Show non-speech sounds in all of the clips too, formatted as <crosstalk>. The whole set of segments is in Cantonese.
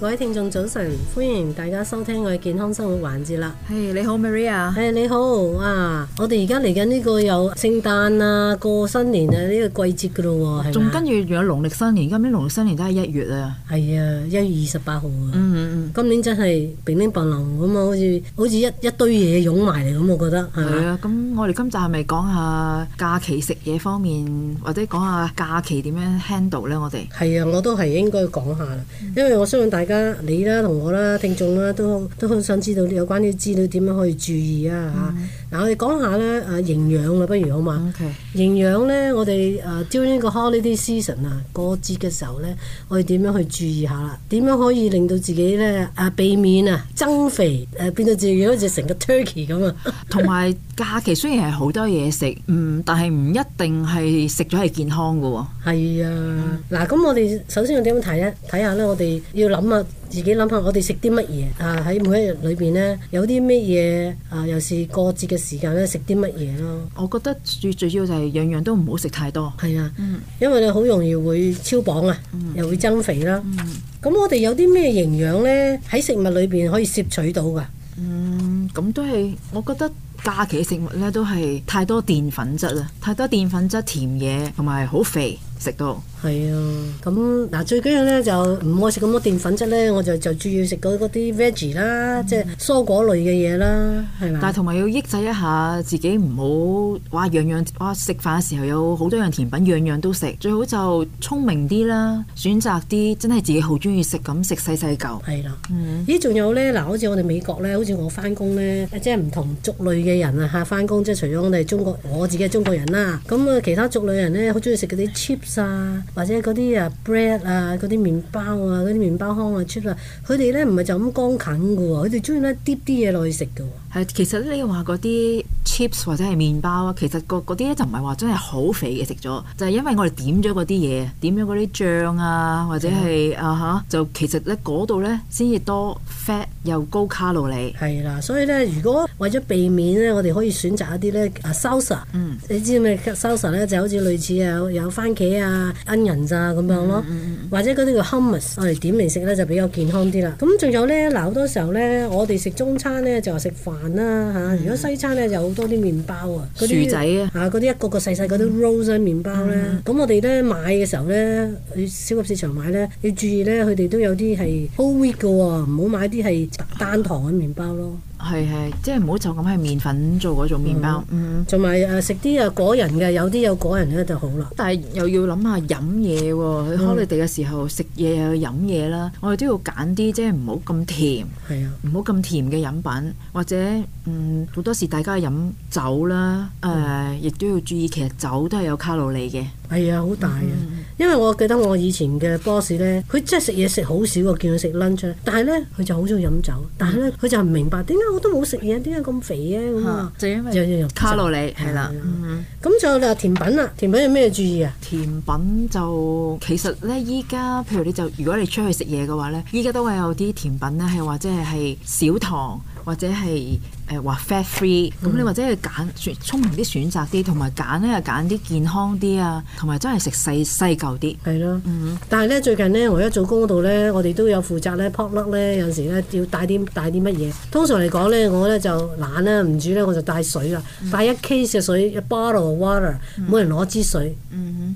各位聽眾早晨，歡迎大家收聽我嘅健康生活環節啦。誒，你好 Maria。誒，你好。哇、hey，啊，我哋而家嚟緊呢個有聖誕啊，過新年啊呢、這個季節噶咯喎，係嘛？仲跟住有農曆新年，今年農曆新年都係一月係啊。係啊，一月二十八號啊。今年真係冰天暴冷咁啊，好似好似一一堆嘢湧埋嚟，咁我覺得係嘛？咁、啊、我哋今集係咪講下假期食嘢方面，或者講下假期點樣 handle 咧？我哋係啊，我都係應該講下啦，因為我相信大。而家你啦，同我啦，聽眾啦，都都好想知道有關啲資料點樣可以注意啊吓，嗱、嗯啊，我哋講下咧啊營養啊不如好嘛？營養咧，我哋啊 during 個 holiday season 啊，過節嘅時候咧，我哋點樣去注意下啦？點樣可以令到自己咧啊避免啊增肥誒、啊、變到自己好似成個 turkey 咁啊！同 <laughs> 埋假期雖然係好多嘢食，嗯，但係唔一定係食咗係健康嘅喎、哦。係啊，嗱、嗯，咁、啊、我哋首先要點樣睇咧？睇下咧，我哋要諗啊～自己諗下我，我哋食啲乜嘢啊？喺每一日裏邊呢，有啲乜嘢啊？又是過節嘅時間咧，食啲乜嘢咯？我覺得最主要就係樣樣都唔好食太多。係啊，嗯、因為你好容易會超磅啊，嗯、又會增肥啦、啊。咁、嗯、我哋有啲咩營養呢？喺食物裏邊可以攝取到噶？嗯，咁都係，我覺得假期嘅食物呢，都係太多澱粉質啦，太多澱粉質、甜嘢同埋好肥，食到。係啊，咁嗱、啊、最緊要咧就唔愛食咁多澱粉質咧，我就就注意食嗰啲 veggie 啦，嗯、即係蔬果類嘅嘢啦。係嘛，但係同埋要抑制一下自己，唔好哇樣樣哇食飯嘅時候有好多樣甜品，樣樣都食，最好就聰明啲啦，選擇啲真係自己好中意食咁食細細嚿。係啦，咦仲、啊嗯、有咧嗱、啊，好似我哋美國咧，好似我翻工咧，即係唔同族類嘅人啊嚇翻工，即係除咗我哋中國，我自己係中國人啦、啊，咁啊其他族類人咧好中意食嗰啲 chips 啊。或者嗰啲啊 bread 啊嗰啲麵包啊嗰啲麵包糠啊 chips 啊，佢哋咧唔係就咁光啃嘅喎，佢哋中意呢啲啲嘢落去食嘅喎。其實你話嗰啲 chips 或者係麵包啊，其實個啲咧就唔係話真係好肥嘅食咗，就係、是、因為我哋點咗嗰啲嘢，點咗嗰啲醬啊，或者係啊吓，的 uh、huh, 就其實咧嗰度咧先至多 fat 又高卡路里。係啦，所以咧如果為咗避免咧，我哋可以選擇一啲咧啊 salsa。Salsa, 嗯、你知唔知 salsa 咧就好似類似啊有，有番茄啊。人咋咁樣咯，或者嗰啲叫 hummus，我哋點嚟食咧就比較健康啲啦。咁仲有咧，嗱好多時候咧，我哋食中餐咧就食、係、飯啦嚇、啊。如果西餐咧就好多啲麵包仔啊，薯仔啊嚇，嗰啲一個個細細嗰啲 rolls 麵、嗯、包咧。咁我哋咧買嘅時候咧，去超級市場買咧要注意咧，佢哋都有啲係 whole wheat 嘅喎，唔好買啲係單糖嘅麵包咯。係係，即係唔好就咁係麵粉做嗰種麵包，嗯，同埋誒食啲啊果仁嘅，有啲有果仁咧就好啦。但係又要諗下飲嘢喎，哦嗯、去 holiday 嘅時候食嘢又要飲嘢啦，我哋都要揀啲即係唔好咁甜，係啊，唔好咁甜嘅飲品，或者嗯好多時大家飲酒啦，誒、呃、亦、嗯、都要注意，其實酒都係有卡路里嘅，係啊、哎，好大啊。嗯因為我記得我以前嘅 boss 咧，佢真係食嘢食好少喎，見佢食 lunch 咧，但係咧佢就好中意飲酒，但係咧佢就唔明白點解我都冇食嘢，點解咁肥啊咁啊？就樣因為卡路里係啦。咁就話甜品啦，甜品有咩注意啊？甜品就其實咧，依家譬如你就如果你出去食嘢嘅話咧，依家都係有啲甜品咧，係話即係係少糖。或者係誒話 fat free，咁你或者係揀選聰明啲選擇啲，同埋揀咧又揀啲健康啲啊，同埋真係食細細嚿啲，係咯。但係咧最近咧，我一做工嗰度咧，我哋都有負責咧，pack 粒咧有時咧要帶啲帶啲乜嘢。通常嚟講咧，我咧就懶啦，唔煮咧我就帶水啦，帶一 case 嘅水，一 bottleof water，每人攞支水，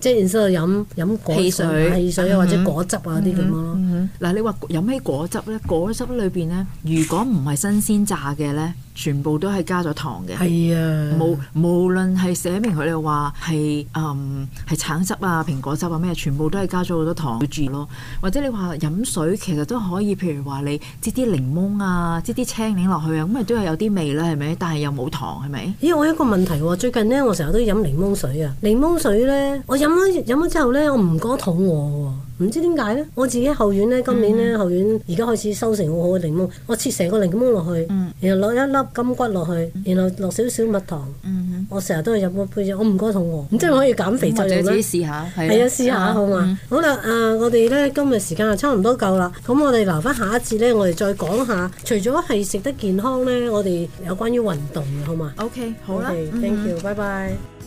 即係然之後飲飲果水、汽水啊，或者果汁啊啲咁咯。嗱，你話飲起果汁咧，果汁裏邊咧如果唔係新鮮。炸嘅咧。全部都係加咗糖嘅，係啊，無無論係寫明佢哋話係嗯係橙汁啊、蘋果汁啊咩，全部都係加咗好多糖住咯。或者你話飲水其實都可以，譬如話你擠啲檸檬啊、擠啲青檸落去啊，咁咪都係有啲味啦，係咪？但係又冇糖係咪？咦，因為我有一個問題喎，最近呢，我成日都飲檸檬水啊，檸檬水呢，我飲咗飲咗之後呢，我唔覺得肚餓喎，唔知點解呢，我自己後院呢，今年呢，嗯、後院而家開始收成很好好嘅檸檬，我切成個檸檬落去，然後落一粒、嗯。金骨落去，然後落少少蜜糖。嗯哼我成日都係飲杯杯嘢，我唔覺得肚餓，咁、嗯、哼即係可以減肥就做自己試下，係啊，的試下好嘛？好啦、呃，我哋咧今日時間就差唔多夠啦。咁我哋留翻下，下一次咧，我哋再講下。除咗係食得健康咧，我哋有關於運動嘅好嘛？O K，好啦 okay，Thank you，拜拜、嗯哼。Bye bye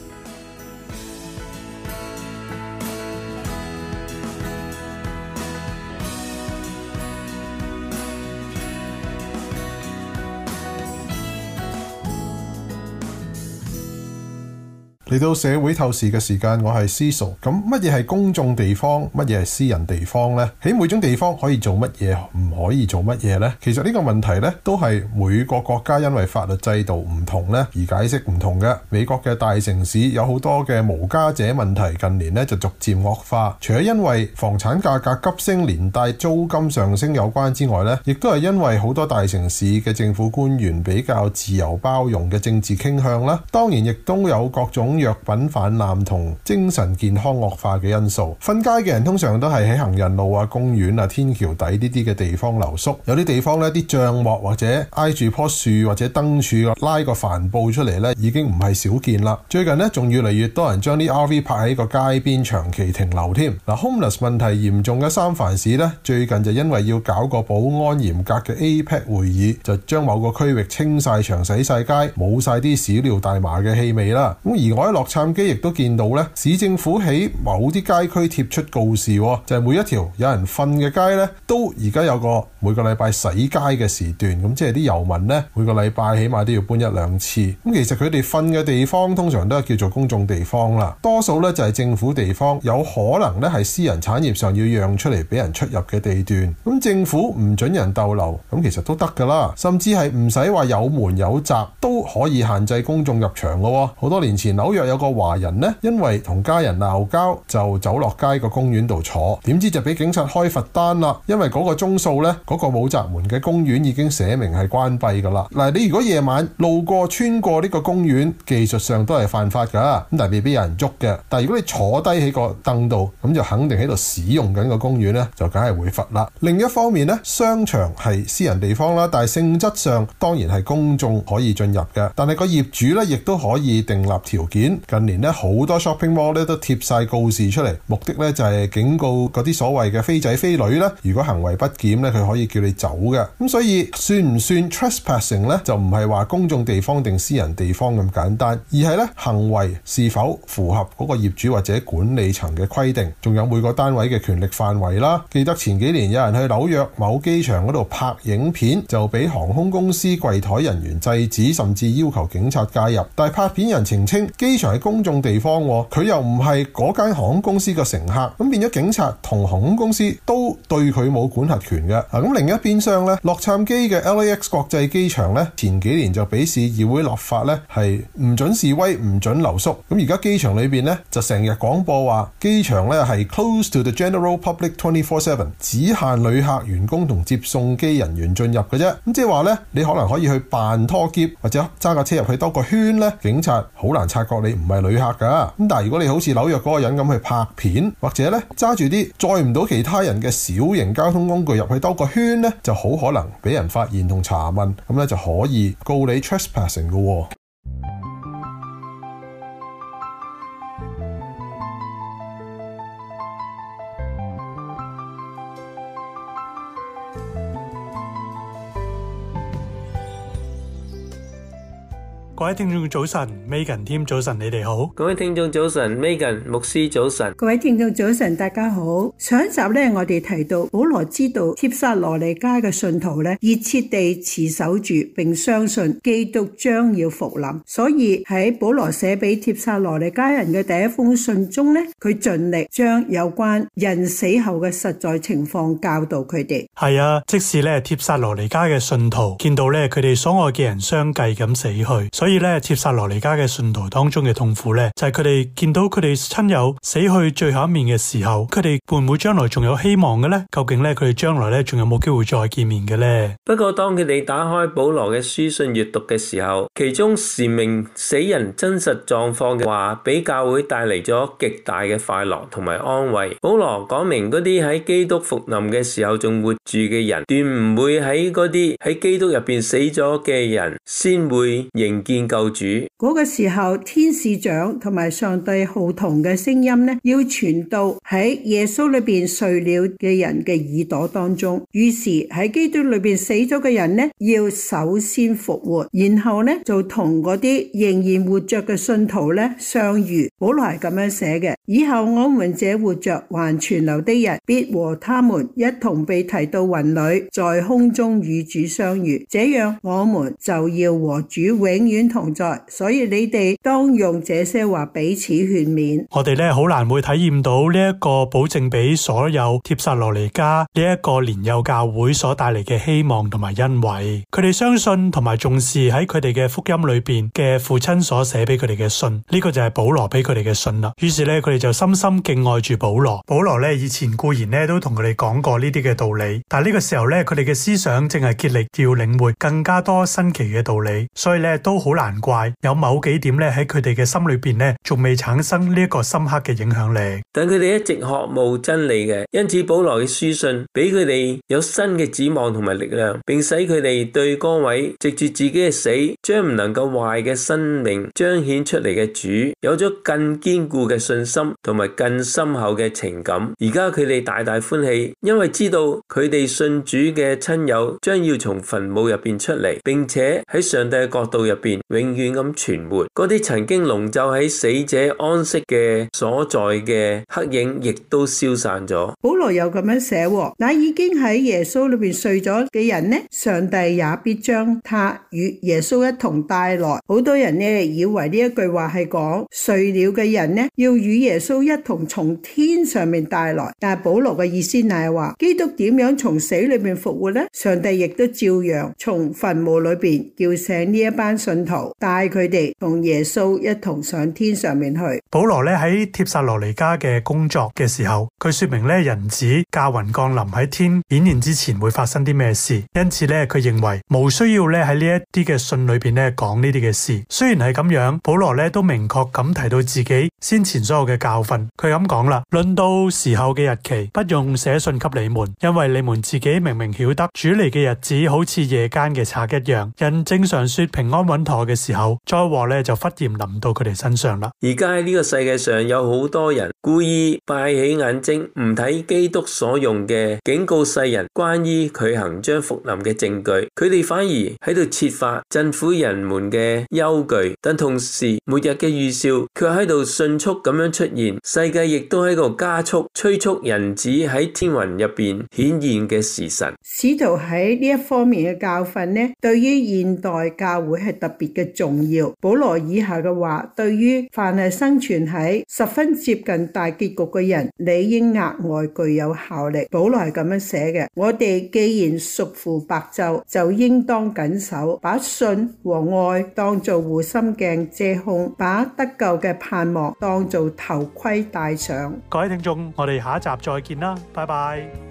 嚟到社會透視嘅時間，我係私屬。咁乜嘢係公眾地方，乜嘢係私人地方呢？喺每種地方可以做乜嘢，唔可以做乜嘢呢？其實呢個問題呢，都係每個國家因為法律制度唔同呢而解釋唔同嘅。美國嘅大城市有好多嘅無家者問題，近年呢就逐漸惡化。除咗因為房產價格急升連帶租金上升有關之外呢，亦都係因為好多大城市嘅政府官員比較自由包容嘅政治傾向啦。當然亦都有各種。藥品氾濫同精神健康惡化嘅因素，瞓街嘅人通常都係喺行人路啊、公園啊、天橋底呢啲嘅地方留宿。有啲地方呢，啲帳幕或者挨住棵樹或者燈柱拉個帆布出嚟呢，已經唔係少見啦。最近呢，仲越嚟越多人將啲 R.V 拍喺個街邊長期停留添。嗱、啊、homeless 問題嚴重嘅三藩市呢，最近就因為要搞個保安嚴格嘅 APEC 會議，就將某個區域清晒牆洗晒街，冇晒啲屎尿大麻嘅氣味啦。咁、啊、而我洛杉磯亦都見到咧，市政府喺某啲街區貼出告示，就係每一條有人瞓嘅街咧，都而家有個每個禮拜洗街嘅時段。咁即係啲遊民咧，每個禮拜起碼都要搬一兩次。咁其實佢哋瞓嘅地方通常都係叫做公眾地方啦，多數咧就係政府地方，有可能咧係私人產業上要讓出嚟俾人出入嘅地段。咁政府唔準人逗留，咁其實都得㗎啦。甚至係唔使話有門有閘都可以限制公眾入場㗎。好多年前紐約。有個華人呢，因為同家人鬧交，就走落街個公園度坐，點知就俾警察開罰單啦。因為嗰個鐘數呢，嗰、嗰個冇閘門嘅公園已經寫明係關閉噶啦。嗱，你如果夜晚路過、穿過呢個公園，技術上都係犯法噶。咁但未必有人捉嘅。但如果你坐低喺個凳度，咁就肯定喺度使用緊個公園呢，就梗係會罰啦。另一方面呢，商場係私人地方啦，但係性質上當然係公眾可以進入嘅。但係個業主呢，亦都可以訂立條件。近年咧好多 shopping mall 咧都貼晒告示出嚟，目的咧就係警告嗰啲所謂嘅飛仔飛女啦。如果行為不檢咧，佢可以叫你走嘅。咁所以算唔算 trespassing 咧？就唔係話公眾地方定私人地方咁簡單，而係咧行為是否符合嗰個業主或者管理層嘅規定，仲有每個單位嘅權力範圍啦。記得前幾年有人去紐約某機場嗰度拍影片，就俾航空公司櫃台人員制止，甚至要求警察介入。但係拍片人澄清機場係公眾地方，佢又唔係間航空公司嘅乘客，咁變咗警察同航空公司都對佢冇管轄權嘅。咁、啊、另一邊廂咧，洛杉磯嘅 LAX 國際機場咧，前幾年就俾市議會立法咧，係唔准示威、唔准留宿。咁而家機場裏邊咧就成日廣播話機場咧係 close to the general public 24/7，只限旅客、員工同接送機人員進入嘅啫。咁即係話咧，你可能可以去扮拖劫或者揸架車入去兜個圈咧，警察好難察覺。你唔係旅客噶，咁但係如果你好似紐約嗰個人咁去拍片，或者咧揸住啲載唔到其他人嘅小型交通工具入去兜個圈咧，就好可能俾人發現同查問，咁咧就可以告你 trespassing 喎。各位聽眾早晨，Megan 添早晨，你哋好。各位聽眾早晨，Megan 牧師早晨。各位聽眾早晨，大家好。上一集咧，我哋提到保羅知道帖撒羅尼迦嘅信徒咧，熱切地持守住並相信基督將要復臨，所以喺保羅寫俾帖撒羅尼迦人嘅第一封信中咧，佢盡力將有關人死後嘅實在情況教導佢哋。係啊，即使咧帖撒羅尼迦嘅信徒見到咧佢哋所愛嘅人相繼咁死去，所以所以咧，切薩羅尼加嘅信徒當中嘅痛苦咧，就係佢哋見到佢哋親友死去最後一面嘅時候，佢哋會唔會將來仲有希望嘅咧？究竟咧，佢哋將來咧仲有冇機會再見面嘅咧？不過當佢哋打開保羅嘅書信閱讀嘅時候，其中說明死人真實狀況嘅話，俾教會帶嚟咗極大嘅快樂同埋安慰。保羅講明嗰啲喺基督復臨嘅時候仲活住嘅人，斷唔會喺嗰啲喺基督入邊死咗嘅人先會認見。救主嗰個時候，天使長同埋上帝號筒嘅聲音呢，要傳到喺耶穌裏邊睡了嘅人嘅耳朵當中。於是喺基督裏邊死咗嘅人呢，要首先復活，然後呢就同嗰啲仍然活着嘅信徒呢相遇。保羅係咁樣寫嘅：以後我們這活着還存留的人，必和他們一同被提到雲裏，在空中與主相遇。這樣，我們就要和主永遠。同所以你哋當用這些話彼此勸勉。我哋咧，好難會體驗到呢一個保證俾所有帖撒羅尼加呢一個年幼教會所帶嚟嘅希望同埋恩惠。佢哋相信同埋重視喺佢哋嘅福音裏邊嘅父親所寫俾佢哋嘅信，呢個就係保羅俾佢哋嘅信啦。於是咧，佢哋就深深敬愛住保羅。保羅咧，以前固然咧，都同佢哋講過呢啲嘅道理，但係呢個時候咧，佢哋嘅思想正係竭力要領會更加多新奇嘅道理，所以咧都好難。難怪有某幾點咧喺佢哋嘅心裏邊咧，仲未產生呢一個深刻嘅影響力。但佢哋一直渴慕真理嘅，因此保羅嘅書信俾佢哋有新嘅指望同埋力量，並使佢哋對嗰位藉住自己嘅死將唔能夠壞嘅生命彰顯出嚟嘅主，有咗更堅固嘅信心同埋更深厚嘅情感。而家佢哋大大歡喜，因為知道佢哋信主嘅親友將要從墳墓入邊出嚟，並且喺上帝嘅國度入邊。永遠咁存活，嗰啲曾經籠罩喺死者安息嘅所在嘅黑影，亦都消散咗。保羅又咁樣寫，嗱，已經喺耶穌裏邊睡咗嘅人呢，上帝也必將他與耶穌一同帶來。好多人呢以為呢一句話係講睡了嘅人呢要與耶穌一同從天上面帶來，但係保羅嘅意思係話，基督點樣從死裏邊復活呢？上帝亦都照樣從墳墓裏邊叫醒呢一班信徒。帶佢哋同耶穌一同上天上面去。保羅咧喺帖撒羅尼迦嘅工作嘅時候，佢說明咧人子駕雲降臨喺天顯現之前會發生啲咩事，因此咧佢認為冇需要咧喺呢一啲嘅信裏邊咧講呢啲嘅事。雖然係咁樣，保羅咧都明確咁提到自己先前所有嘅教訓。佢咁講啦，論到時候嘅日期，不用寫信給你們，因為你們自己明明曉得主嚟嘅日子好似夜間嘅賊一樣。人正常說平安穩妥。嘅時候，災禍咧就忽然臨到佢哋身上啦。而家喺呢個世界上有好多人故意閉起眼睛，唔睇基督所用嘅警告世人關於佢行將復臨嘅證據，佢哋反而喺度設法鎮撫人們嘅憂懼。但同時，末日嘅預兆卻喺度迅速咁樣出現，世界亦都喺度加速催促人子喺天雲入邊顯現嘅時辰。使徒喺呢一方面嘅教訓咧，對於現代教會係特別。嘅重要，保羅以下嘅話，對於凡係生存喺十分接近大結局嘅人，理應額外具有效力。保羅係咁樣寫嘅。我哋既然屬乎白晝，就應當謹守，把信和愛當作護心鏡遮胸，借控把得救嘅盼望當作頭盔戴上。各位聽眾，我哋下一集再見啦，拜拜。